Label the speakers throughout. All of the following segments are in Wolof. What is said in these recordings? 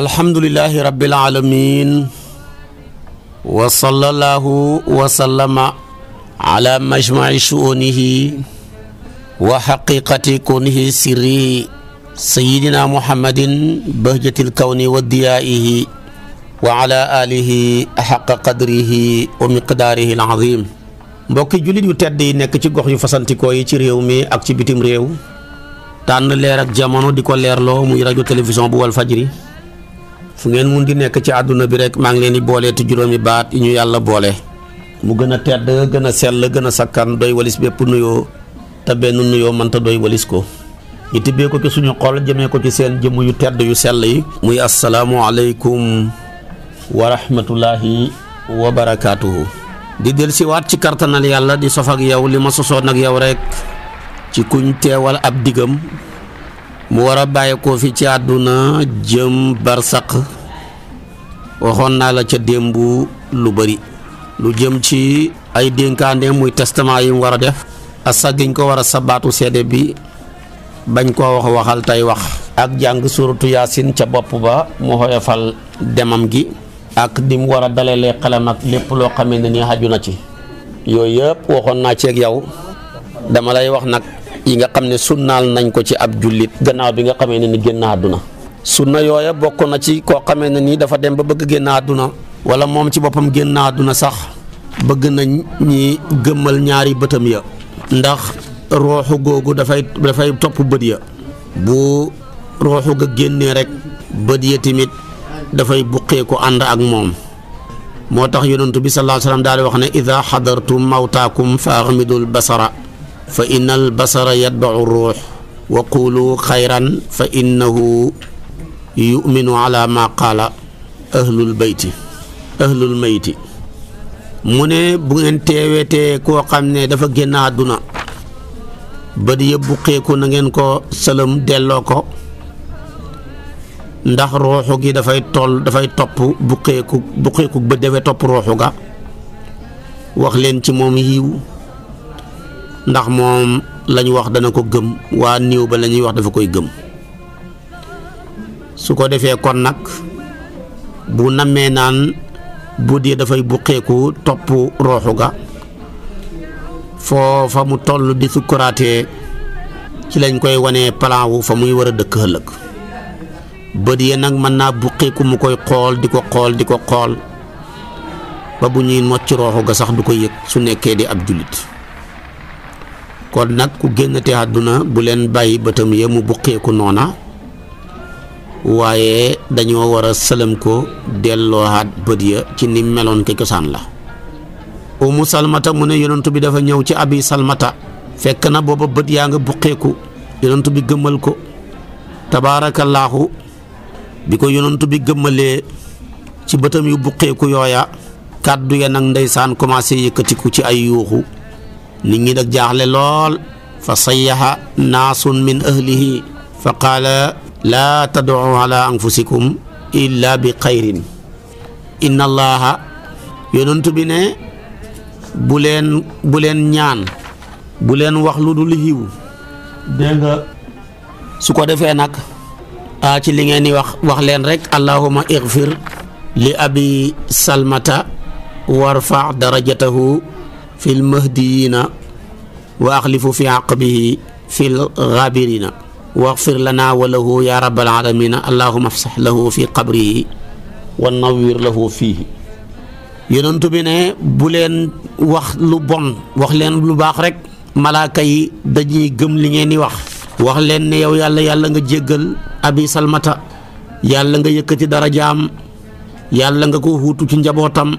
Speaker 1: alhamdulillahi rabbil alamin wa sallallahu wa sallama ala majmaci shuunihi wa xaqiqati kunihi sirri sayidina muhammadin bahjatil kawni wa diyaa'ihi wa ala alihi xaqa qadrihi wa miqdaarihi al azim mbokki jullit yu tedd yi nekk ci gox yu fasantikoo yi ci réew mi ak ci bitim réew tànn leer ak jamono di ko leerloo muy rajo télévision bu Walfajri fu ngeen mun di nekk ci àdduna bi rek maa ngi leen di boole juróomi baat yi ñu yàlla boole mu gën a tedd gën a sell gën a sakkan doy walis bépp nuyoo te benn nuyoo mënta doy walis ko ñu tibbee ko ci suñu xol jëmee ko ci seen jëmm yu tedd yu sell yi muy asalaamualeykum wa rahmatullahi wa barakaatuhu di del siwaat ci kartanal yàlla di sof ak yow li ma sosoon ak yow rek ci kuñ teewal ab digam mu wara a bàyyeekoo fi ci aduna jëm barsak waxon na la ca dembu lu bari lu jëm ci ay denkande muy testament yi mu wara def asa ginko ko wara sabatu sede bi bañ ko wax waxal tay wax ak jang suratu yasin ca bop ba mu xoyofal demam gi ak dim wara dalale xalam ak lepp lo xamene ni hajuna ci yoy waxon na ci ak yow dama lay wax nak yi nga xam ne sunnaal nañ ko ci ab jullit gannaaw bi nga xamee ne ni génn àdduna sunna yooya bokk na ci koo xamee ne nii dafa dem ba bëgg génn àdduna wala moom ci boppam génn àdduna sax bëgg nañ ñi gëmmal ñaari bëtam ya ndax rooxu googu dafay dafay topp bët ya bu rooxu ga génnee rek bët ya tamit dafay buqee ko ànd ak moom moo tax yonentu bi sallallahu alayhi di wax ne ida xadartum mawtaakum fa axmidul basara fa inna al basara yatbau ruux wa qulu xayran fa innahu yuminu ala ma qaala ahlul bayti ahlul mayti mu ne bu ngeen teewetee koo xam ne dafa génn àdduna ba di yëbbu xeeku na ngeen ko sëlëm delloo ko ndax ruuxu gi dafay toll dafay topp bu xeeku bu xeeku topp ruuxu ga wax leen ci moom yiw ndax mom lañ wax dana ko gëm wa niw ba lañ wax dafa koy gëm su ko defé kon nak bu namé nan bu dee dafay buqeeku top roxu ga fa mu tollu di sukuraté ci lañ koy wanee plan wu fa muy wara dëkk ëllëg bët ya nag mën mu koy xol di ko diko di ba bu ñuy mocc roxu ga sax du ko yek su nekké di abdulit kon nag ku génnati àdduna bu leen bàyyi bëtam ya mu buqeeku noona waaye dañoo war a sëlëm ko delloohaat bët ya ci ni meloon ke cosaan la umu salmata mu ne yonentu bi dafa ñëw ci abi salmata fekk na booba bët yaa nga buqeeku yonentu bi gëmmal ko tabaarakallaahu bi ko yonentu bi gëmmalee ci bëtam yu buqeeku yooya kàddu ya nag ndeysaan commencé yëkkatiku ci ay yuuxu نيغي داك جاخلي لول فصيح ناس من اهله فقال لا تدعوا على انفسكم الا بخير ان الله يونت بينا بولين بولين نيان بولين واخ لودول هيو دغا سوكو ديفه ناك ا تي لي نين واخ واخ لين ريك اللهم اغفر لابي سلمة وارفع درجته في المهديين وأخلف في عقبه في الغابرين واغفر لنا وله يا رب العالمين اللهم افسح له في قبره ونور له فيه yonent bi ne bu leen wax lu bon wax leen lu baax rek malaaka yi dañuy gëm li ngeen di wax wax leen ne yow yàlla yàlla nga jéggal abi salmata yàlla nga yëkkati darajaam yàlla nga ko huutu ci njabootam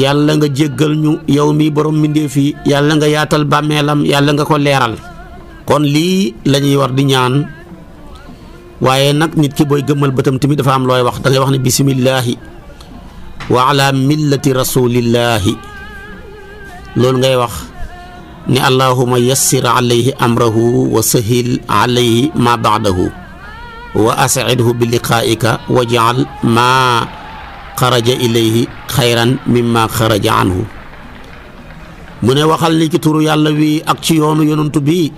Speaker 1: yàlla nga jéggal ñu yow mi borom mbindéef yi yàlla nga yaatal bàmmeelam yàlla nga ko leeral kon lii la ñuy war di ñaan waaye nag nit ki booy gëmmal bëtam tamit dafa am looy wax da ngay wax ne bisimillahi wa ala millati rasulillahi loolu ngay wax ne allahuma yassir alayhi amrahu wa sahil alayhi ma baadahu wa asidhu bi liqaika wajal ma xaraja ilayhi xayran mimma xaraja anhu mu ne waxal ni ci turu yàlla wi ak ci yoonu yonantu bi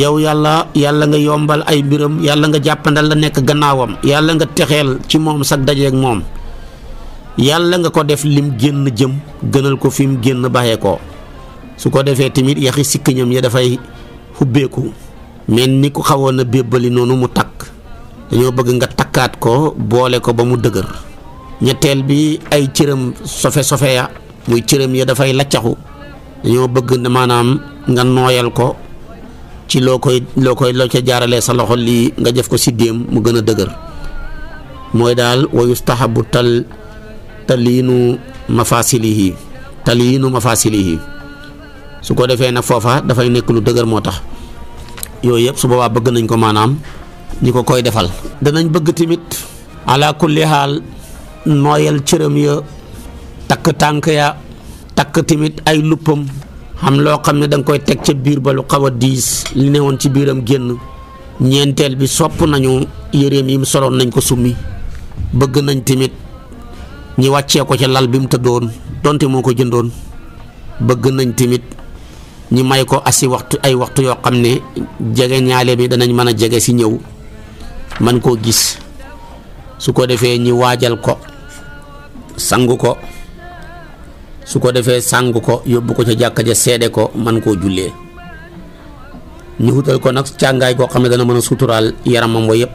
Speaker 1: yow yàlla yàlla nga yombal ay mbiram yàlla nga jàppandal la nekk gannaawam yàlla nga texeel ci moom sag dajeeg moom yàlla nga ko def lim génn jëm gënal ko fi mu génn baxee ko su ko defee tamit yaxi sikkiñam ya dafay xubbeeku mel ni ku xawoon a bébbali noonu mu takk dañoo bëgg nga takkaat ko boole ko ba mu dëgër ñetteel bi ay cëram sofe sofe ya muy cëram ya dafay laccaxu dañoo bëgg na maanaam nga nooyal ko ci loo koy loo koy loo jaarale sa loxo lii nga def ko siddéem mu gën a dëgër mooy daal wa yustahabu tal taliinu mafasilihi taliinu mafasilihi su ko defee nag foofa dafay nekk lu dëgër moo tax yooyu yëpp su boobaa bëgg nañ ko maanaam ñi ko koy defal danañ bëgg tamit ala haal nooyal cëram ya takk tànk ya takk tamit ay luppam xam loo xam ne danga koy teg ca biir ba lu xaw a diis li ne woon ci biiram génn ñeenteel bi sopp nañu yëreem yi mu soloon nañ ko summi bëgg nañ tamit ñi wàccee ko ca lal bi mu tëddoon donte moo ko jëndoon bëgg nañ tamit ñi may ko asi waxtu ay waxtu yoo xam ne jege ñaale bi danañ mën a jege si ñëw man koo gis su ko defee ñi waajal ko sangu ko su ko defee sang ko yóbbu ko ca jàkka ja seede ko man koo jullee ñu wutal ko nag càngaay goo xam ne dana mën a suturaal yaramam wa yëpp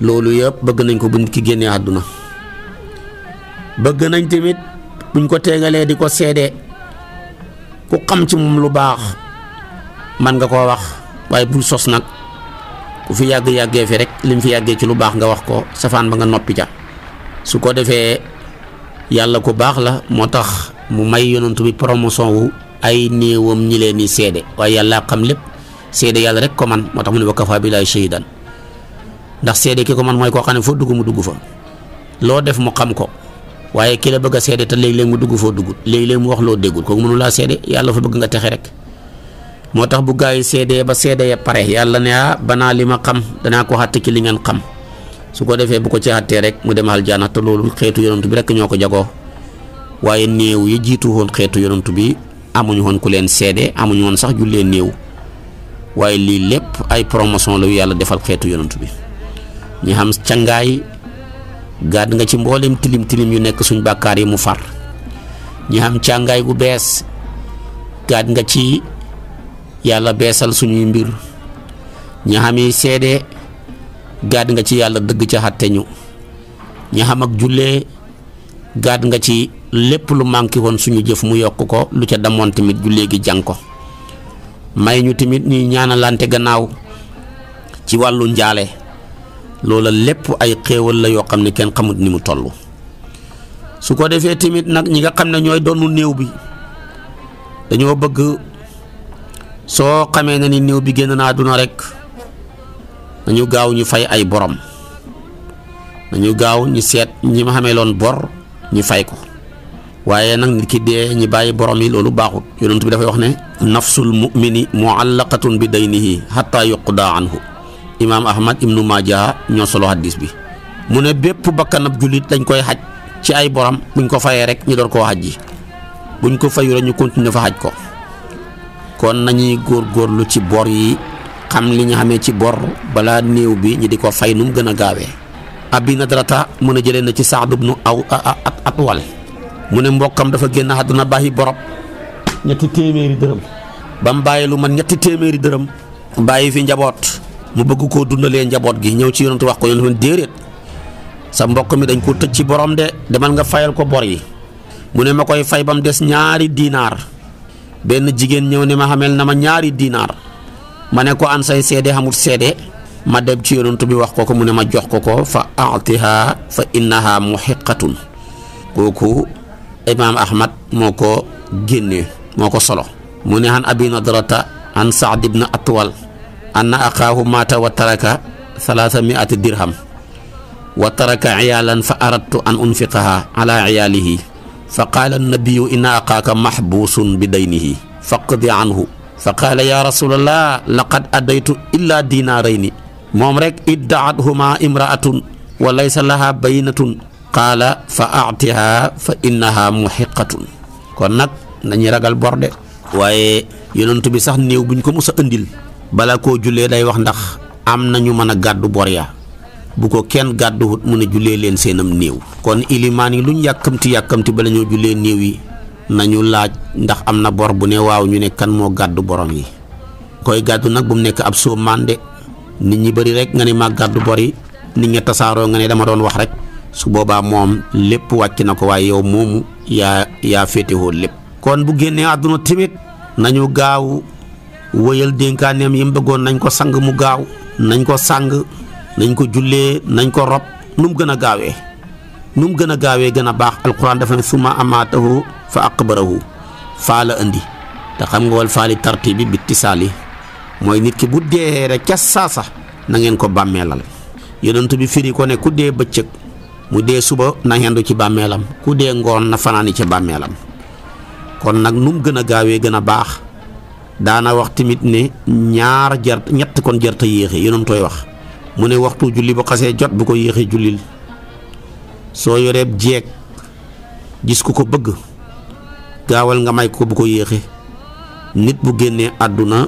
Speaker 1: loolu yëpp bëgg nañ ko buñ ki génnee àdduna bëgg nañ tamit buñ ko teegalee di ko seede ku xam ci moom lu baax man nga koo wax waaye bul sos nag ku fi yàgg yàggee fi rek lim fi yàggee ci lu baax nga wax ko safaan ba nga noppi ca su ko defee yàlla ko baax la moo tax mu may yonantu bi promotion wu ay néewam ñi leen di seede waaye yàlla xam lépp seede yàlla rek ko moo tax mu ne wa kafaa billaahi shahiidan ndax seede ki ko man mooy koo xam ne foo dugg mu dugg fa loo def mu xam ko waaye ki la bëgg a seede te léeg-léeg mu dugg foo dugg léeg-léeg mu wax loo déggul kooku mënu seede yàlla fa bëgg nga texe rek moo tax bu gaa yi seedee ba seedee pare yàlla ne ah banaa li ma xam danaa ko xàtte ci li ngeen xam su ko defee bu ko ci àttee rek mu dem aljana te loolu xeetu yonantu bi rek ñoo ko jagoo waaye néew yi jiitu woon xeetu yonantu bi amuñu woon ku leen seede amuñu woon sax jullee néew waaye lii lépp ay promotion la yàlla defal xeetu yonantu bi ñi xam cangaay gaad nga ci mboolem tilim tilim yu nekk suñ bàkkaar yi mu far ñi xam yala gu bees gaad nga ci yàlla beesal suñuy mbir ñi xami gaad nga ci yàlla dëgg ca xatte ñu ña xam ak jullee gaad nga ci lépp lu manqué woon suñu jëf mu yokk ko lu ca damoon tamit jullee léegi jàng ko may ñu tamit ñuy ñaanalante gannaaw ci wàllu njaale loola lépp ay xéewal la yoo xam ne kenn xamut ni mu toll su ko defee tamit nag ñi nga xam ne ñooy doonu néew bi dañoo bëgg soo xamee ne ni néew bi génn na àdduna rek dañu gaaw ñu fay ay borom nañu gaaw ñi seet ñi ma xamee loon bor ñu fay ko waaye nag nit ki dee ñu bàyyi boroom yi loolu baaxut yonent bi dafay wax ne nafsul mumini muallaqatun bi daynihi hatta yuqdaa anhu imaam ahmad ibnu majah ñoo solo hadis bi mu ne bépp bakkanab jullit dañ koy xaj ci ay borom buñ ko fayee rek ñu door koo xaj ji buñ ko fayu rek ñu continuer fa xaj ko kon nañuy góorgóorlu ci bor yi xam li ñu xamé ci bor bala néew bi ñi di ko fay num gëna gaawé abi nadrata mu ne jëlé na ci sa'd ibn aw atwal mu ne mbokam dafa génn haduna bahi borop ñetti téméri dërëm bam mu lu man ñetti téméri dërëm bàyyi fi njabot mu bëgg ko dundalé njabot gi ñew ci yoonu wax ko yonent déedéet sa mbokk mi dañ ko tecc ci borom de demal nga fayal ko bor yi mu ne makoy fay bam dess ñaari dinar ben jigen ñew ni ma xamel na ma ñaari dinar mané ko an say cédé xamul cédé ma dem ci yonent bi wax ko ko mu ma jox ko ko fa atiha fa innaha muhiqqatun koku imam ahmad moko genné moko solo mune han abi nadrata an sa'd ibn atwal anna aqaahu maata wa taraka thalaatha miati dirham wa taraka ciyaalan fa aradtu an unfiqaha ala ciyaalihi fa qaala annabiyu inna aqaaka maxbuusun bi daynihi fa qaala yaa rasulallah laqad addaytu illaa dinaarayni moom rek iddaathumaa imraatun wa laysa lahaa baynatun qaala fa aatihaa fa innahaa muxiqatun kon nag nañu ragal borde waaye yonent bi sax néew buñ ko mos a andil bala koo jullee day wax ndax am nañu mën a gàddu bor ya bu ko kenn gàdduwut mu ne jullee leen seenam néew kon ilimaan yi luñ yàkkamti yàkkamti bala ñoo jullee néew yi nañu laaj ndax am na bor bu ne waaw ñu ne kan moo gàddu boroom yi koy gàddu nag bu mu nekk ab soo mande nit ñi bari rek nga ne maa gàddu bor yi nit nga tasaaroo nga ne dama doon wax rek su boobaa moom lépp wàcc na ko waaye yow moomu yaa yaa féetewoo lépp. kon bu génnee àdduna tamit nañu gaaw wëyal dénkaaneem yi mu bëggoon nañ ko sang mu gaaw nañ ko sang nañ ko jullee nañ ko rob nu mu gën a gaawee nu mu gën a gaawee gën a baax alquran dafa ne suma amaatahu fa aqbarahu faa la indi te xam nga wal faali tartibi bi tisaali mooy nit ki bu dee rek ca saasa na ngeen ko bamelal yonent bi firi ko ne ku dee bëccëg mu de suba na hendu ci bamelam ku dee ngon na fanani ci bamelam kon nak num gëna gaawé gëna baax daana wax timit ne ñaar jar ñett kon jarta yonum toy wax mu ne waxtu julli bu xasse jot bu ko yexé julil so yoreb jek gis ku ko bëgg gaawal nga may ko bu ko yéexee nit bu génnee àdduna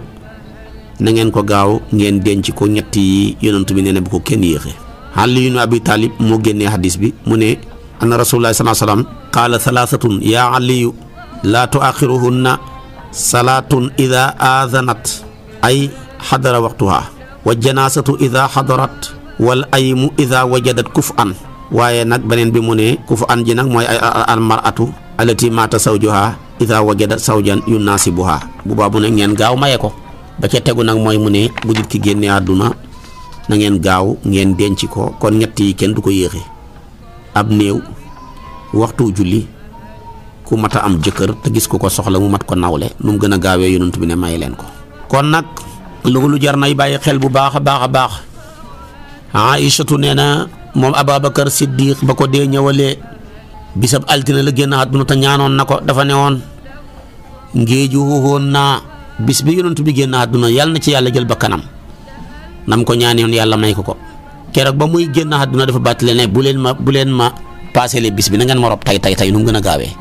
Speaker 1: na ngeen ko gaaw ngeen denc ko ñetti yi yonent bi nee na bu ko kenn yéexe Ali ibn Abi Talib moo génnee hadis bi mu ne anna rasulullah sallallahu alayhi wa sallam qaala salaasatun yaa aliyu laa tuaxiruhunna salaatun ida aadanat ay xadara waxtuha wa janaasatu ida xadarat wal aymu ida wajadat kuf waaye nag beneen bi mu ne kuf an ji nag mooy ay al maratu alati mata sawjuha idha wajada sawjan yunasibuha bu babu nak ngeen gaaw maye ko ba ci teggu nak moy mu ne bu dit ki genné aduna, na ngeen gaaw ngeen denci ko kon ñetti ken kenn du ko yexé ab neew waxtu julli ku mata am jëkër te gis ku ko soxla mu mat ko nawlé num gëna gaawé bi ne maye len ko kon lu lu jar nay baye xel bu baax a baax a baax aïchatu nee siddiq bako de ñewale bisab altine la génn àdduna te ñaanoon na ko dafa ne woon ngéeju woon naa bis bi yonent bi génn àdduna yàlla na ci yàlla jël ba kanam nam ko ñaanewoon yàlla may ko ko keroog ba muy génn àdduna dafa bàttale ne bu leen ma bu leen ma passé le bis bi na ngeen ma rob tay tay nu mu gën a gaawee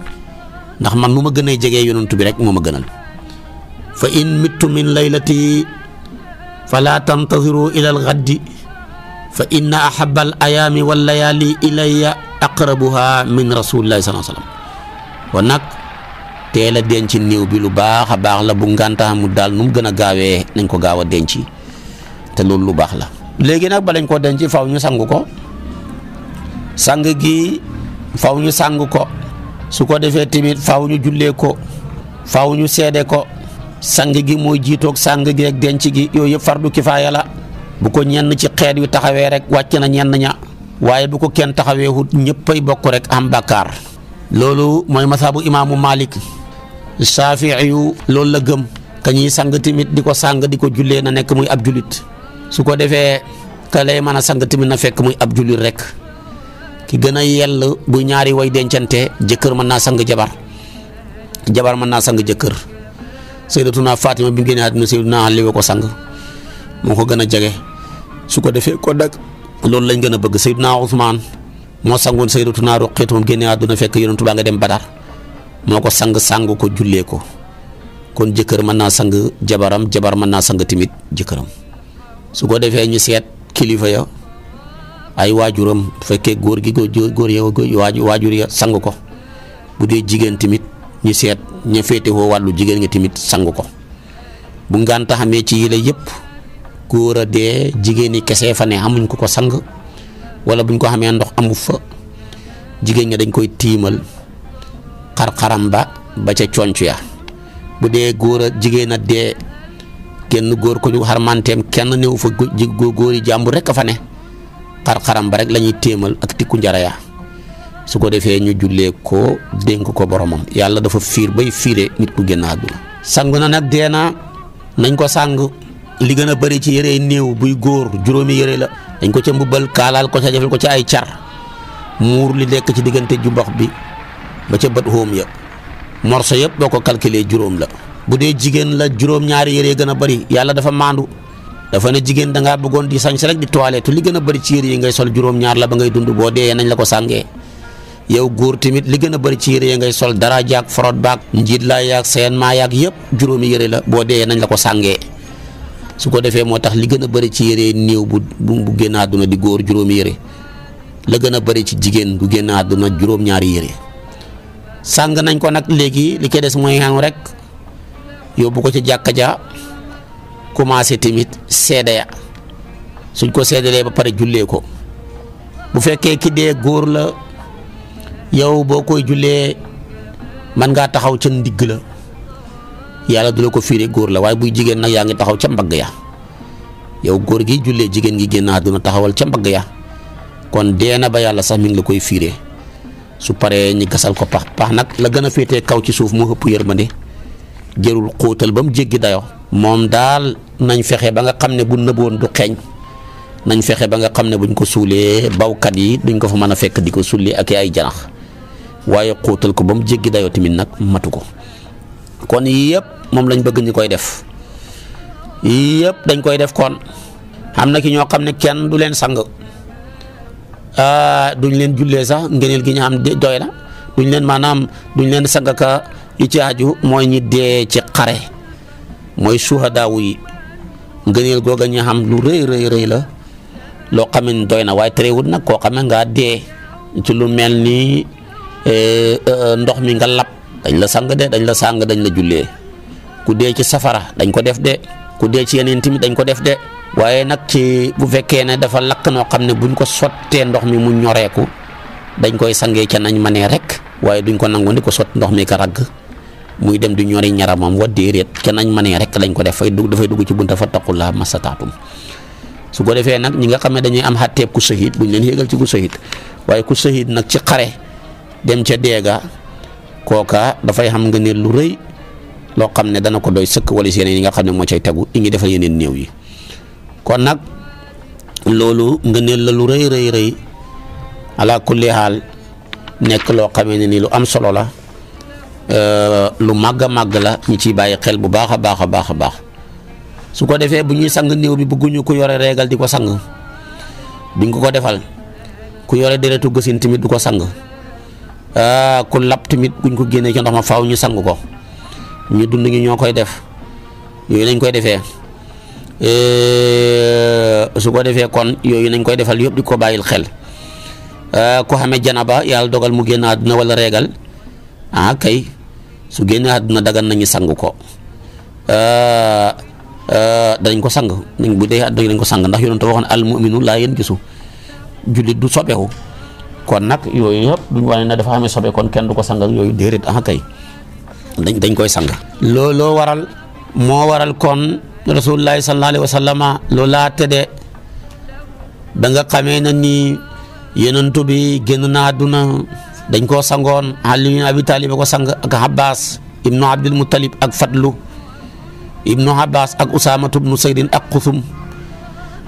Speaker 1: ndax man nu ma gën a jegee yonent bi rek moo ma gënal fa in mittu min laylati fala tantaziru ilal gaddi fa inna ahabbal ayami wal layali ilayya aqrabuha min rasulillahi sallallahu wasallam wa Nak teela nag teel denc néew bi lu baakha baax la bu nganta mu dal num gëna gaawé nañ ko gaawa a denc te lool lu baax la legi nak ba lañ denc faaw ñu sang ko sang gi faaw ñu sang ko su ko defé timit faaw ñu ko faaw ñu sédé ko sang gi moy jitok sang gi ak denc gi yoy yëpp fardu kifaya la bu ko ñenn ci xeet wi taxawee rek wàcc na ñenn ña waaye bu ko kenn taxawee wut ñëppay bokk rek am bàkkaar loolu mooy masaabu imaamu Malik Shaafi'i yu loolu la gëm ka ñuy sang tamit di ko sang di ko jullee na nekk muy ab julit su ko defee ka lay mën a sang tamit na fekk muy ab julit rek ki gën a yell bu ñaari way dencante jëkkër mën naa sang jabar jabar man naa sang jëkkër naa Fatima bi mu génnee àdduna sayyiduna Ali ko sang moo ko gën a jege. su ko defee ko dag loolu lañ gën a bëgg Seydina Ousmane moo sangoon Sayyidatuna Ruqayya moom génne àdduna fekk Yonent ba nga dem Badar moo ko sang sang ko jullee ko kon jëkkër mën naa sang jabaram jabar mën naa sang tamit jëkkëram su ko defee ñu seet kilifa ya ay waajuram bu fekkee góor gi góor ya waajur ya sang ko bu dee jigéen tamit ñu seet ña féetewoo wàllu jigéen nga tamit sang ko bu ngànta xamee ci yile yëpp. góor a dee jigéen ñi kese fa ne amuñ ko ko sang wala buñ ko xamee ndox amu fa jigéen ña dañ koy tiimal xar ba ba ca conc ya bu dee góor a jigéen a dee kenn góor ko ñu xarmanteem kenn néew fa góor yi jàmbur rek a fa ne xar ba rek lañuy ñuy téemal ak tikku njara ya su ko defee ñu jullee ko dénk ko boromam yàlla dafa fiir bay fiire nit ku génn àdduna sang na nag dee na nañ ko sàng li gëna bari ci yéré néew buy goor juroomi yéré la dañ ko ci mbubal kalaal ko ca defal ko ci ay mur li nekk ci digënté ju mbox bi ba ca bat ya morso yëpp boko calculer juroom la budé jigen la juroom ñaari yéré gëna bari yalla dafa mandu dafa na jigen da nga bëggoon di sañse rek di toilette li gëna bari ci yéré ngay sol juroom ñaar la ba ngay dund bo dé nañ la ko sangé yow goor timit li gëna bari ci yéré ngay sol dara jaak bak njit la yaak seen ma yaak yëpp juroomi yéré la bo dé nañ la ko sangé su ko defee moo tax li gën a bëri ci yére néew bu bu génn àdduna di góor juróom yére la gën a bëri ci jigéen bu génn àdduna juróom-ñaari yére sàng nañ ko nag léegi li koy des mooy xanu rek bu ko ci jàkka ja commencé tamit seede ya suñ ko seedalee ba pare jullee ko bu fekkee ki dee góor la yow boo koy jullee mën ngaa taxaw ca ndigg la. yàlla du la ko fiire góor la waaye buy jigéen nag yaa ngi taxaw ca mbagg ya yow góor gi jullee jigéen gi génn àdduna taxawal ca mbag ya kon dee ba yàlla sax mi ngi la koy fiire su paree ñi gasal ko pax pax nag la gën a féete kaw ci suuf moo ma yërmande jërul xóotal ba mu jéggi dayo moom daal nañ fexe ba nga xam ne bu nëboon du xeeñ nañ fexe ba nga xam ne buñ ko suulee bawkat yi duñ ko fa mën a fekk di ko sulli ak ay janax waaye xóotal ko ba mu jéggi dayoo tamit nag matu ko kon yëpp moom lañ bëgg ñu koy def yëpp dañ koy def kon am na ki ñoo xam ne kenn du leen sang ah, duñ leen jullee sax ngëneel gi ñu am doy na duñ leen maanaam duñ leen sang ka yi ci aju mooy ñi dee ci xare mooy suhadaawu yi ngëneel googa ñu xam lu rëy rëy la loo xam ne doy na waaye terewul nag koo xam ngaa dee ci lu mel nii eh, eh, ndox mi nga lab dañ la sang de dañ la sang dañ la jullee ku dee ci safara dañ ko def de ku dee ci yeneen tamit dañ ko def de waaye nag ci bu fekkee ne dafa lakk noo xam ne buñ ko sottee ndox mi mu ñoreeku dañ koy sangee ca nañ manee rek waaye duñ ko nangu di ko sot ndox mi ka ragg muy dem di ñori ñaramam wa déeréet ca nañ manee rek dañ ko def fay dugg dafay dugg ci bunta fa taqulaa masataatum su ko defee nag ñi nga xam ne dañuy am xàtteeb ku sahid buñ leen yéegal ci ku sahid waaye ku sahid nag ci xare dem ca deega da fay xam nga ne lu reuy lo xamne dana ko doy sëkk wala yeneen yi nga xamne mo cey cay ingi defal yeneen new yi kon nak lolu nga ne lu reuy reuy reuy ala kulli hal nek lo xamene ni lu am solo la euh, lu magga magga la ñu ci baye xel bu baax a baax baax su ko defé bu ñuy sang new bi bëgguñu ku yore di sang duñ ko ko defal ku yoré deretu gësin timit du sang Ah, ku lab tamit buñ ko génnee ci faw ñu sang ko ñu dund ñu ñoo koy def yooyu lañ koy defee eh, su ko defee kon yooyu nañ koy defal yëpp di ko bàyyil xel ah, ku xamee janaba yàlla dogal mu génn àdduna walla reegal ah kay su génnee àdduna dagan nañu sang ko ah, danañ ko sang nañ bu dee àdduna dañ ko sang ndax yonent waxoon al mu'minu laa yanjisu jullit du sobewu kon nag yooyu yëpp duñ wane ne dafa kon kenn du ko sang ak yooyu déedéet ah kay dañ dañ koy sang. looloo waral moo waral kon rasulullahi sallallahu alayhi wa sallama loolaa tëddee ba nga xamee na ni yenentu bi génn na dañ ko sangoon Ali ibn Abi Talib ko sang ak Abbas ibnu Abdul Muttalib ak Fadlu ibnu Abbas ak Usaamatu ibnu Saydin ak Xusum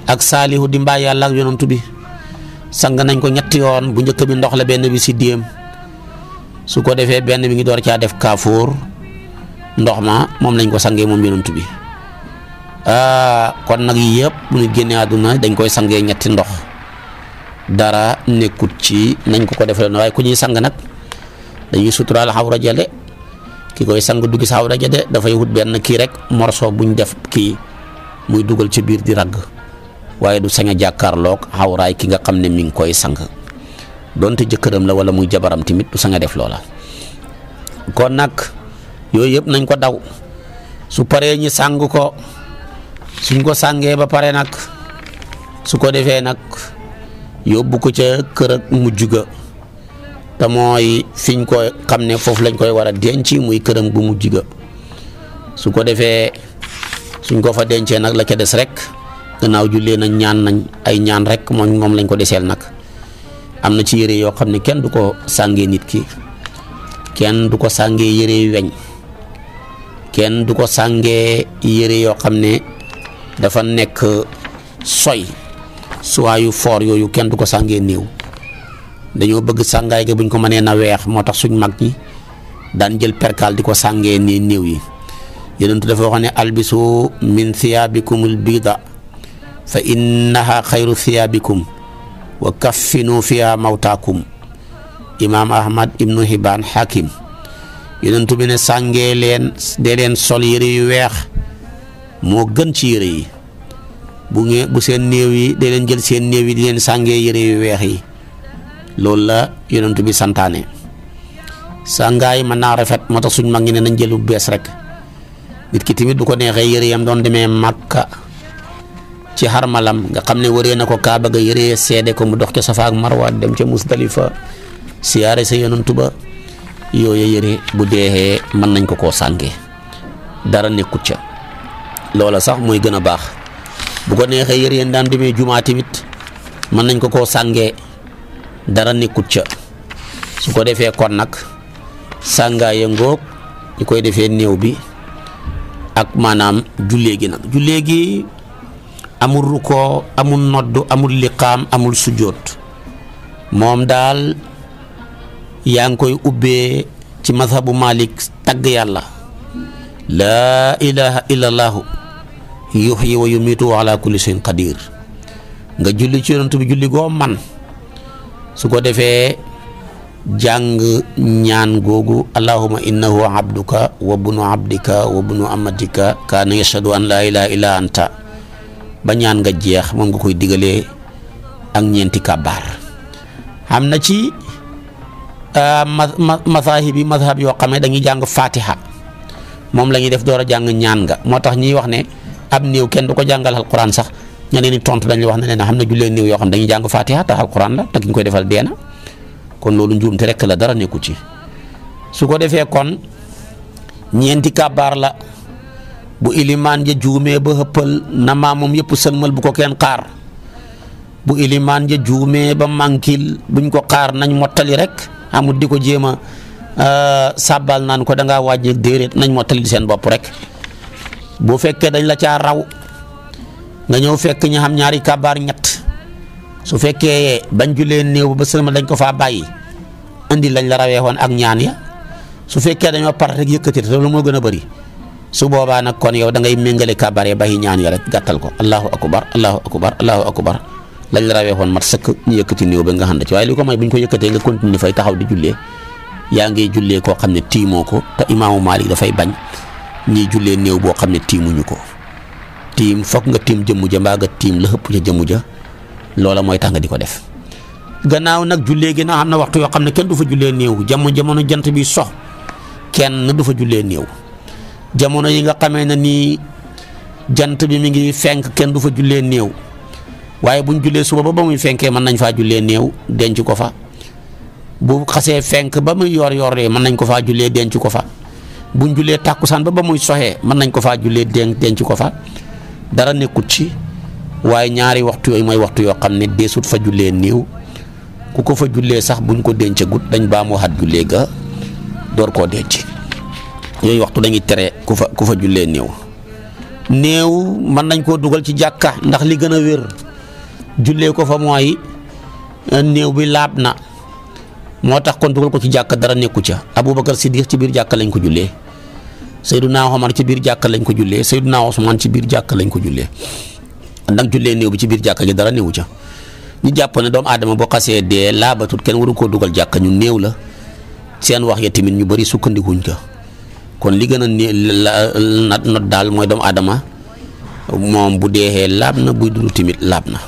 Speaker 1: ak Saalihu di mbaa yàlla ak bi sang nañ ko ñetti yoon bu njëkk bi ndox la benn bi si déem su ko defee benn bi ngi door caa def kaafoor ndox ma moom lañ ko sangee moom yonent bi ah, kon nag yëpp bu ñu génnee àdduna dañ koy sangee ñetti ndox dara nekkut ci nañ ko ko defee waaye ku ñuy sang nag dañuy suturaal xawra jale ki koy sang du gis xawra jale dafay wut benn kii rek bu ñu def kii muy dugal ci biir di ragg waaye du sañ a jàkkaarloog xawraay ki nga xam ne mi ngi koy sang donte jëkkëram la wala muy jabaram tamit du sañ a def loola kon nag yooyu yëpp nañ ko daw su paree ñi sàng ko suñ ko sàngee ba pare nag su ko defee nag yóbbu ko ca kër ak mujj ga te fiñ ko xam ne foofu lañ koy war a denc muy këram gu mu ga su ko defee suñ ko fa dencee nag la ca des rek gannaaw jullee na ñaan nañ ay ñaan rek moom moom lañ ko deseel nag am na ci yére yoo xam ne kenn du ko sàngee nit ki kenn du ko sàngee yére weñ kenn du ko sàngee yére yoo xam ne dafa nekk soy suwaayu foor yooyu kenn du ko sàngee néew dañoo bëgg sangaay ga buñ ko mënee na weex moo tax suñ mag ñi daan jël perkaal di ko sangee nii néew yi yonentu dafa wax ne albisu min thiyaabikumul biida fa innaha xayru thiyaabikum wa kaffinu fiha mawtaakum imaam ahmad ibnu hibaan hakim yonentu bi ne sàngee leen de leen sol yére yu weex moo gën ci yére yi bu ngeen bu seen néew yi de leen jël seen néew yi di leen sàngee yére yu weex yi loolu la yonentu bi santaane sàngaay mën naa rafet moo tax suñ mag ñi ne nañ jëlu bees rek nit ki tamit du ko neexee yére yam doon demee màkka ci har nga xamne wëré nako na ko kaaba ga yéré sédé ko mu dox ci safa ak marwa dem ci musdalifa siyaré sa yonantu ba yooya yéré bu déhé man nañ ko ko sangé dara nekkut ca lola sax moy gëna bax bu ko nexé yéré ndan daan juma timit man nañ ko ko sangé dara nekkut su ko défé kon nak sanga ye ngok koy défé bi ak manam jullee gi nag amul rukoo amul nodd amul liqaam amul sujjóot moom daal yaa ngi koy ubbee ci mazhabu Malik tagg yàlla laa ilaha illallahu yuhyi wa yumiitu wa ala kulli shay'in qadir nga julli ci yonent bi julli goo man su ko defee jàng ñaan googu allahuma innahu abduka wa bunu abdika wa bunu amatika kaana yashhadu an laa ilaha illa anta ba ñaan nga jeex moom nga koy digalee ak ñeenti kàbbaar am na ci euh, masaahib yi mazhab yoo xam ne dañuy jàng fatiha moom lañuy def door a jàng ñaan nga moo tax ñuy wax ne ab néew kenn du ko jàngal alquran sax ña leen di tontu dañuy wax ne leen xam ne jullee néew yoo xam ne dañuy jàng fatiha tax alquran la te ki ñu koy defal deena kon loolu njuumte rekk la dara nekku ci su ko defee kon ñeenti kàbbaar la. bu iliman je jume ba heppal na mamum yep sëlmal bu ko ken xaar bu iliman je jume ba mankil buñ ko xaar nañ mottali rek amu diko jema euh sabbal nan ko da nga wajje deret nañ mottali sen bop rek bu fekke dañ la ca raw nga ñew fekk ñu xam ñaari kabaar ñet su fekke bañ julé neew ba dañ ko fa bayyi andi lañ la rawé ak ñaan ya su fekke dañu par rek yëkëti te loolu moo su boba nak kon yow da ngay mengale kabar ya hi ñaan ya rek gàttal ko allahu akbar allahu akbar allahu akbar lañ la rawee woon mat sekk ñu yëkëti néew ba nga xam ci way li ko may buñ ko nga continue fay taxaw di jullee ya ngay jullee ko xam timo ko ta imam malik fay bañ ñi jullee néew bo xam timu ñuko tim tim nga tim jëm ja mbaga tim la xëpp ci jëm ja loola moy diko di def gannaaw nak jullee gi na am na waxtu yo xam kenn du fa jullee néew jëm jëmono jant bi sox kenn du fa jamono yi nga xamee ne nii jant bi mi ngi fenk kenn du fa jullee néew waaye buñ jullee suba ba ba muy fenkee mën nañ faa jullee néew denc ko fa bu xasee fenk ba muy yor yoree mën nañ ko faa jullee ko fa buñ jullee tàkkusaan ba ba muy soxee mën nañ ko faa jullee denc ko fa dara nekkut ci waaye ñaari waxtu yooyu mooy waxtu yoo xam ne deesut fa jullee néew ku ko fa jullee sax buñ ko dencagut dañ baa mu waxaat jullee ga door koo denc yooyu waxtu dañuy tere ku fa ku fa jullee néew néew mën nañ koo dugal ci jàkka ndax li gën a wér jullee ko fa mooy eh, néew bi laab na moo tax kon dugal ko ci jàkka dara nekku ca Aboubacar Siddiq ci biir jàkka lañ ko jullee Seydunaa Omar ci biir jàkka lañ ko jullee Seydunaa Osmaan ci biir jàkka lañ ko jullee ndax jullee néew bi ci biir jàkka gi dara néewu ca ñu jàpp ne doomu aadama boo xasee dee laabatut kenn waru ko dugal jàkka ñu néew la seen wax ya tamit ñu bari sukkandikuñ ko. kon li gën a ne la not daal mooy doomu adama moom bu deexee laab na buy dund tamit laab na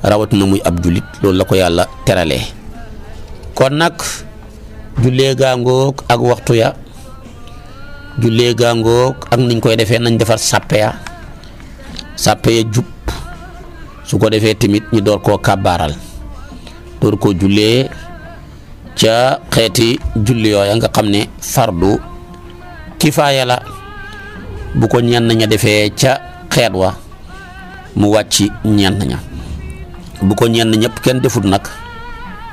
Speaker 1: rawatina muy ab jullit loolu la ko yàlla teralee kon nag jullee gaangoog ak waxtu ya jullee gàngook ak niñ koy defee nañ defar sàppe ya sàppe ya jub su ko defee tamit ñu door koo kàbbaaral door koo jullee ca xeeti julli yooya nga xam ne fardu Kifaya la bu ko ñan ña defé ca xéet wa mu wacc ñan ña bu ko ñan ñep kèn defut nak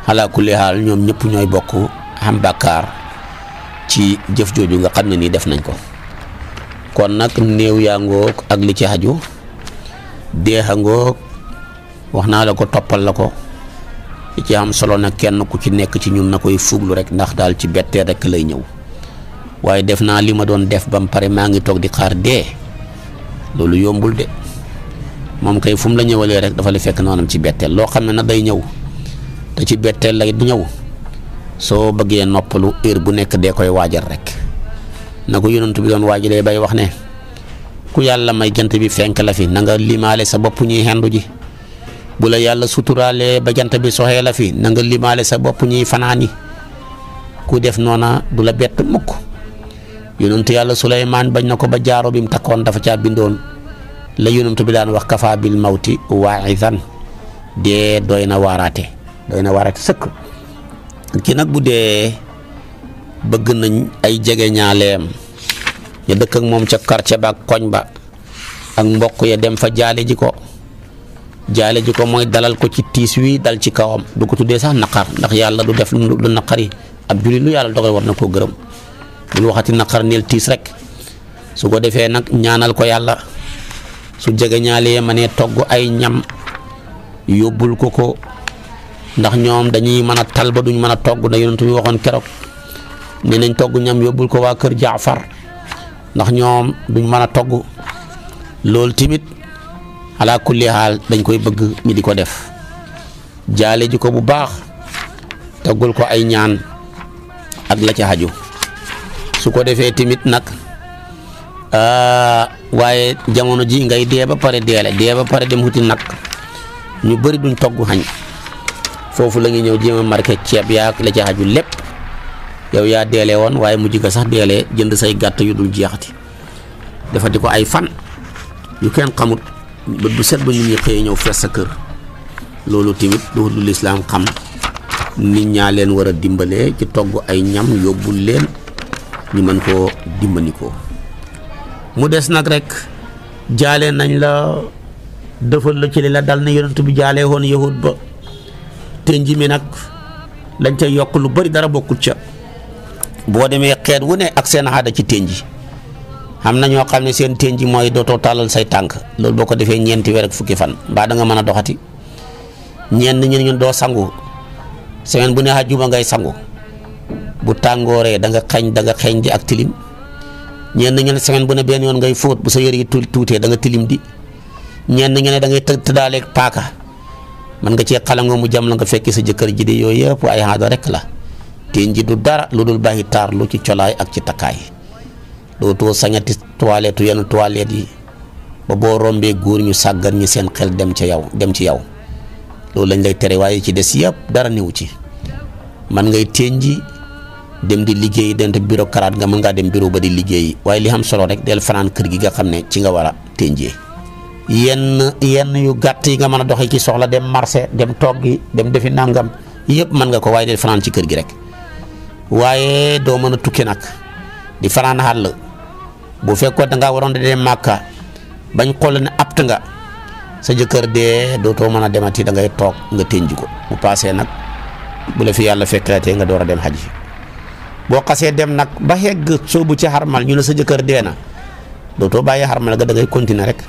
Speaker 1: ala kulli hal ñom ñep ñoy bokku am bakkar ci jëf joju nga xamni ni def nañ ko kon nak neew ya ngoog ak li ci haju deexa ngoog wax la ko topal la ko ci am solo nak kenn ku ci nekk ci ñun na fuglu rek ndax dal ci bette rek lay ñew waaye def naa li ma doon def ba mu pare maa ngi toog di xaar dee loolu yombul de moom kay fu la ñëwalee rek dafa la fekk noonu ci betteel loo xam ne na day ñëw te ci betteel lay ñëw soo bëggee noppalu heure bu nekk dee koy waajal rek na ko yonent bi doon waajalee bay wax ne ku yàlla may jant bi fenk la fi na nga limaale sa bopp ñuy xendu ji bu la yàlla suturaalee ba jant bi soxee fi na nga sa bopp ñuy fanaani ku def noona du la bett mukk yonentu yàlla Suleymaan bañ na ko ba jaaro bi mu takkoon dafa caa bindoon la yonentu bi daan wax kafaa bil mawti waaizan dee doy na waaraate doy na waaraate sëkk nag bu dee bëgg nañ ay jege ñaaleem ñu dëkk moom ca quartier ba koñ ba ak mbokk ya dem fa jaale ji ko jaale ji ko mooy dalal ko ci tiis wi dal ci kawam du ko tuddee sax naqar ndax yàlla du def lu naqari ab jullit lu yàlla dogal war na koo gërëm bul waxati naqar neel tiis rek su ko defee nag ñaanal ko yàlla su jege ñaalee ma ne togg ay ñam yóbbul ko ko ndax ñoom dañuy mën a tal duñ mën a togg da waxoon keroog ne nañ togg ñam yóbbul ko waa kër Jaafar ndax ñoom duñ mën a togg loolu tamit ala kulli dañ koy bëgg ñi di ko def jaale ji ko bu baax toggul ko ay ñaan ak la ci haju su ko defee tamit nag ah, waaye jamono ji ngay dee ba pare deele dee ba pare dem wuti nag ñu bëri duñ togg xañ foofu lañuy ñëw jéem marke ceeb yaa la ci lépp yow yaa deelee woon waaye mu jikko sax deelee jënd say gàtt yu dul jeexati dafa di ko ay fan yu kenn xamut bët bu set ba ñu ñuy xëyee ñëw fees sa kër loolu tamit du lislaam xam nit ñaa leen war a dimbalee ci togg ay ñam yóbbul leen ñu mën koo dimbandikoo mu des nag rek jaale nañ la defal la ci li la dal na yonent bi jaalee woon yahud ba tënj mi nag lañ ca yokk lu bari dara bokkul ca boo demee xeet wu ne ak seen a aada ci tënj am na ñoo xam ne seen tënj mooy dootoo tàllal say tànk loolu boo ko defee ñeenti weer ak fukki fan mbaa da nga mën a doxati ñenn ñi ñun doo sangu semaine bu ne àjjuma ngay sangu bu tangore da nga xagn da nga xagn di ak tilim ñen ña ne semaine bu ne ben yon ngay foot bu sa yeri yi da nga tilim di ñen ña ne da ngay dalek paka man nga ci xala nga mu jam la nga fekk sa jëkkër ji di yoy yëpp ay haado rek la teen ji du dara lu bahi tar lu ci cholay ak ci do to sañati toilette yenn toilette yi ba bo rombee goor ñu sàggan ñi seen xel dem ci yaw dem ci yaw loolu lañ lay téré waye ci dess yëpp dara newu ci man ngay teen dem di liggéey dente bureaucrate nga mën nga dem bureau ba di liggéey waye li am solo rek del fanaan kër gi nga ci nga wara a yenn yenn yu gatt yi nga mëna doxé ci soxla dem marché dem togi dem defi nangam yépp mën nga ko waye del fanaan ci kër gi rek waye do mëna tukki nak di fanaan hal bu fekkoon da nga waron de dem makka bañ xol ne apt nga sa jëkër dé do to mëna demati da ngay tok nga tenjiko bu passé nak bu la fi yalla fekkaté nga dem haji boo xasee dem nag ba xegg soobu ci xarmal ñu ne sa jëkkër dee na dootoo bàyyi xarmal ga da ngay continuer rek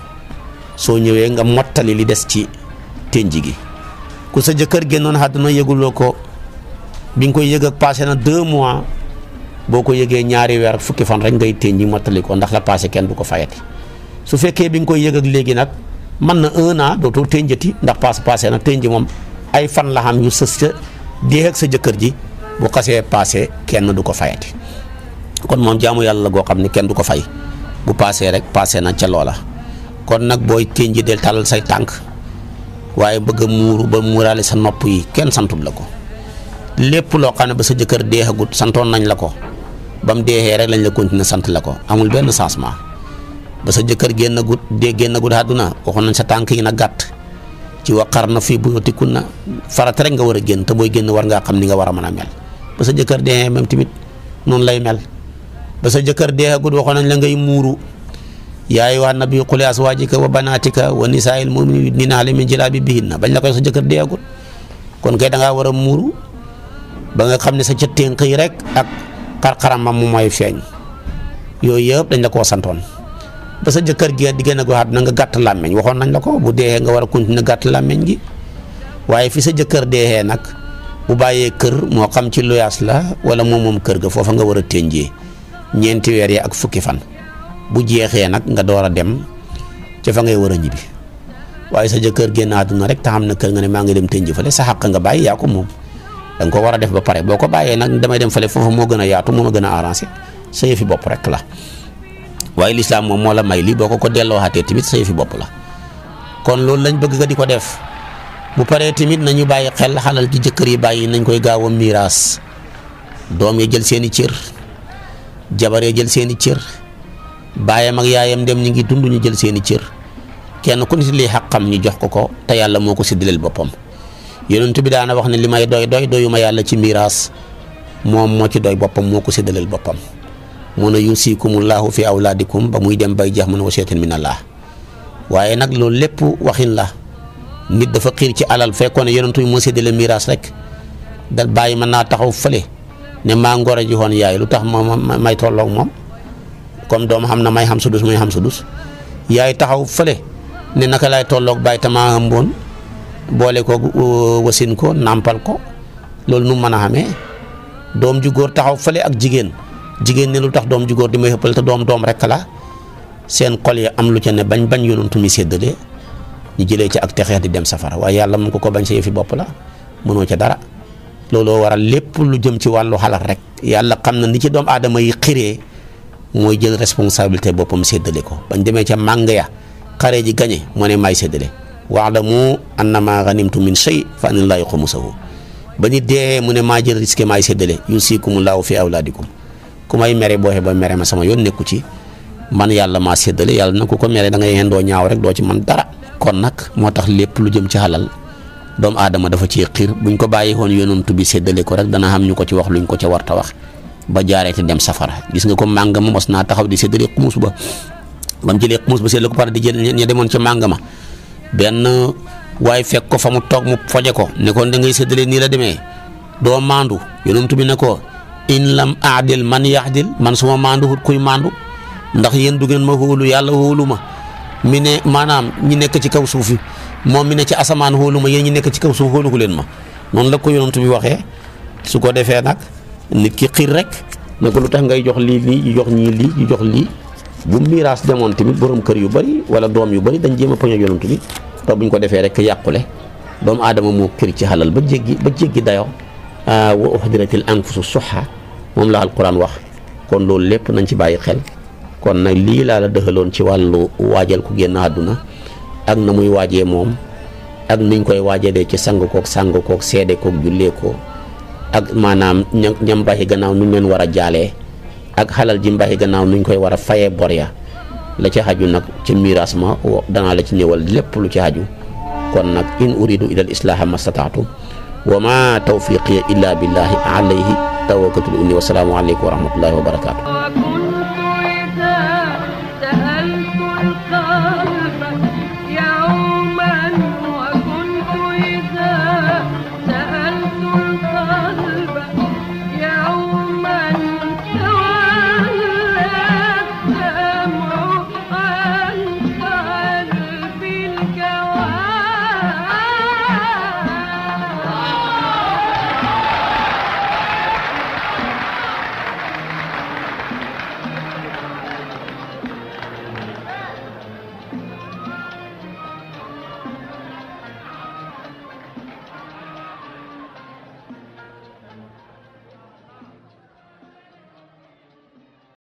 Speaker 1: soo ñëwee nga mottali li des ci tenji gi ku sa jëkkër génnoon àdduna yëguloo ko bi nga koy yëg ak passé na deux mois boo ko yëgee ñaari weer fukki fan rek ngay tenji mottali ko ndax la passé kenn du ko fayati su fekkee bi nga koy yëg ak léegi nag mën na un an dootoo tenjati ndax passé passé na tenji moom ay fan la xam yu sa dee sa jëkkër ji bu xasee paase kenn du ko fayati kon moom jaamu yàlla la goo xam ne kenn du ko fay bu paasee rek paase nañ ca loola kon nag booy téñ ji del tàllal say tànk waaye bëgg a muuru ba muuraale sa nopp yi kenn santul la ko lépp loo xam ne ba sa jëkkër deexagut santoon nañ la ko ba mu deexee rek lañ la continuer sant la ko amul benn changement ba sa jëkkër génnagut dee génnagut àdduna waxoon nañ sa tànk yi nag gàtt ci waqar na fii buyootiku na farata rek nga war a génn booy génn war ngaa xam ni nga war a mën a mel ba sa jëkkër dee moom tamit noonu lay mel ba sa jëkkër dee gud waxoon nañ la ngay muuru yaay ayyuhan nabiyyu qul li azwaajika wa banaatika wa nisaa'il mu'miniina yudniina alayhinna min jalaabiibihinna bañ la koy sa jëkkër dee gud kon kay danga ngaa war a muuru ba nga xam ne sa cëtténk yi rek ak ma mu mooy feeñ yooyu yëpp dañ la koo santoon ba sa jëkkër gi di gën a goxaat na nga gàtt làmmeñ waxoon nañ la ko bu dee nga war a continuer gàtt làmmeñ gi waaye bu baye keur mo xam ci loyas la wala mo mom keur ga foofa nga wara tenje ñent wer weer ya ak fukki fan bu jexé nak nga doora dem ci fa ngay wara ñibi sa sa keur genn aduna rek ta xam keur nga ne ma ngi dem fa fale sa xàq nga baye ya ko mom dang ko wara def ba pare boko baye nak damay dem fale le moo mo gëna yaatu mo gëna arrangé sa yëfi bop rek la waaye l'islam mom mo la may li boko ko delo delloo xaatee sa la kon loolu lañ bëgg ga di def bu paree tamit nañu bàyyi xel xalal ci jëkkër yi bàyyi nañ koy gaaw a miiraas doom yi jël seeni cër jabar ya jël seeni cër baayam ak yaayam dem ñu ngi dund ñu jël seeni cër kenn ku nit li xaqam ñu jox ko ko te yàlla moo ko siddileel boppam yonent bi daana wax ne li may doy doy doyuma yàlla ci miiraas moom moo ci doy boppam moo ko siddileel boppam mu ne yuusikumullaahu fi awlaadikum ba muy dem bay jeex mën wasiyatin min allah waaye nag loolu lépp waxin la nit dafa xiir ci alal fekkoon ne yonentu moo séddale miraas rek da bàyyi mën naa taxaw fële ne maa ngoro ji woon yaay lu tax ma may tolloog moom comme doom xam na may xam sudus muy xam sudus yaay taxaw fële ne naka laay tolloog bàyyi tamaa am woon boole ko uh, wasin ko nàmpal ko loolu nu mën a xamee doom ju góor taxaw fële ak jigéen jigéen ne lu tax doom ju góor di may xëppal te doom doom rek la seen kol yi am lu ca ne bañ bañ yonantu mi séddale ñu jëlee ci ak texeex di dem safara waaye yàlla mun ko ko bañ sa yëfi bopp la mënoo ca dara looloo waral lépp lu jëm ci wàllu xalaat rek yàlla xam na ni ci doomu aadama yi xiree mooy jël responsabilité boppam séddale ko bañ demee ca màng ya xare ji gañe moo ne maay séddale wa'lamu annama ghanimtum min shay fa anillaahi xumusahu ba ñu dee mu ne maa jël risque maay séddale yusiikumullaahu fi awlaadikum ku may mere booxe ba mere ma sama yoon nekku ci man yàlla maa séddale yàlla na ko ko mere da ngay yendoo ñaaw rek doo ci man dara kon nak motax lepp lu jëm ci halal dom adama dafa ci xir buñ ko bayyi hon yonentou bi séddale ko rek dana am ñuko ci wax luñ ko ci warta wax ba dem safara gis nga ko mangam ma mos taxaw di séddale xumus ba bam jëlee xumus ba séddale ko para di jël ñi demon ci mangama ma way waaye fekk ko famu tok mu foje ko ne ko da ngay séddale ni la démé do mandu yonentou bi ne ko in lam a'dil man ya'dil man suma mandu kuy mandu ndax yeen du gën ma hoolu yalla hooluma ma mu ne maanaam ñi nekk ci kaw suuf yi moom mi ne ci asamaan xóolu ma yéen ñi nekk ci kaw suuf xóolu ko leen ma noonu la ko yonent bi waxee su ko defee nag nit ki xiir rek ne lu tax ngay jox lii lii ñu jox ñii lii ñu jox lii bu miraas demoon tamit borom kër yu bari wala doom yu bari dañ jéem a poñe yonent bi te buñ ko defee rek yàqule doomu aadama moo kër ci xalal ba jéggi ba jéggi dayoo wa uxdiratil anfusu suxa moom la alquran wax kon loolu lépp nañ ci bàyyi xel kon nag lii laa la dëxaloon ci wàllu waajal ku génn àdduna ak na muy waajee moom ak niñ koy waajalee ci sang kook sang kook seede kook jullee ko ak maanaam ña ñam bàyyi gannaaw nuñ leen war a jaalee ak xalal ji mbàyyi gannaaw nuñ koy war a fayee bor ya la ci xaju nag ci miiras ma danaa la ci ñëwal lépp lu ci xaju kon nag in uridu ilal islaaha mastataatu wa ma tawfiqiya illa billahi alayhi tawakkaltu unni wa salaamu aleykum wa rahmatullahi wa barakaatu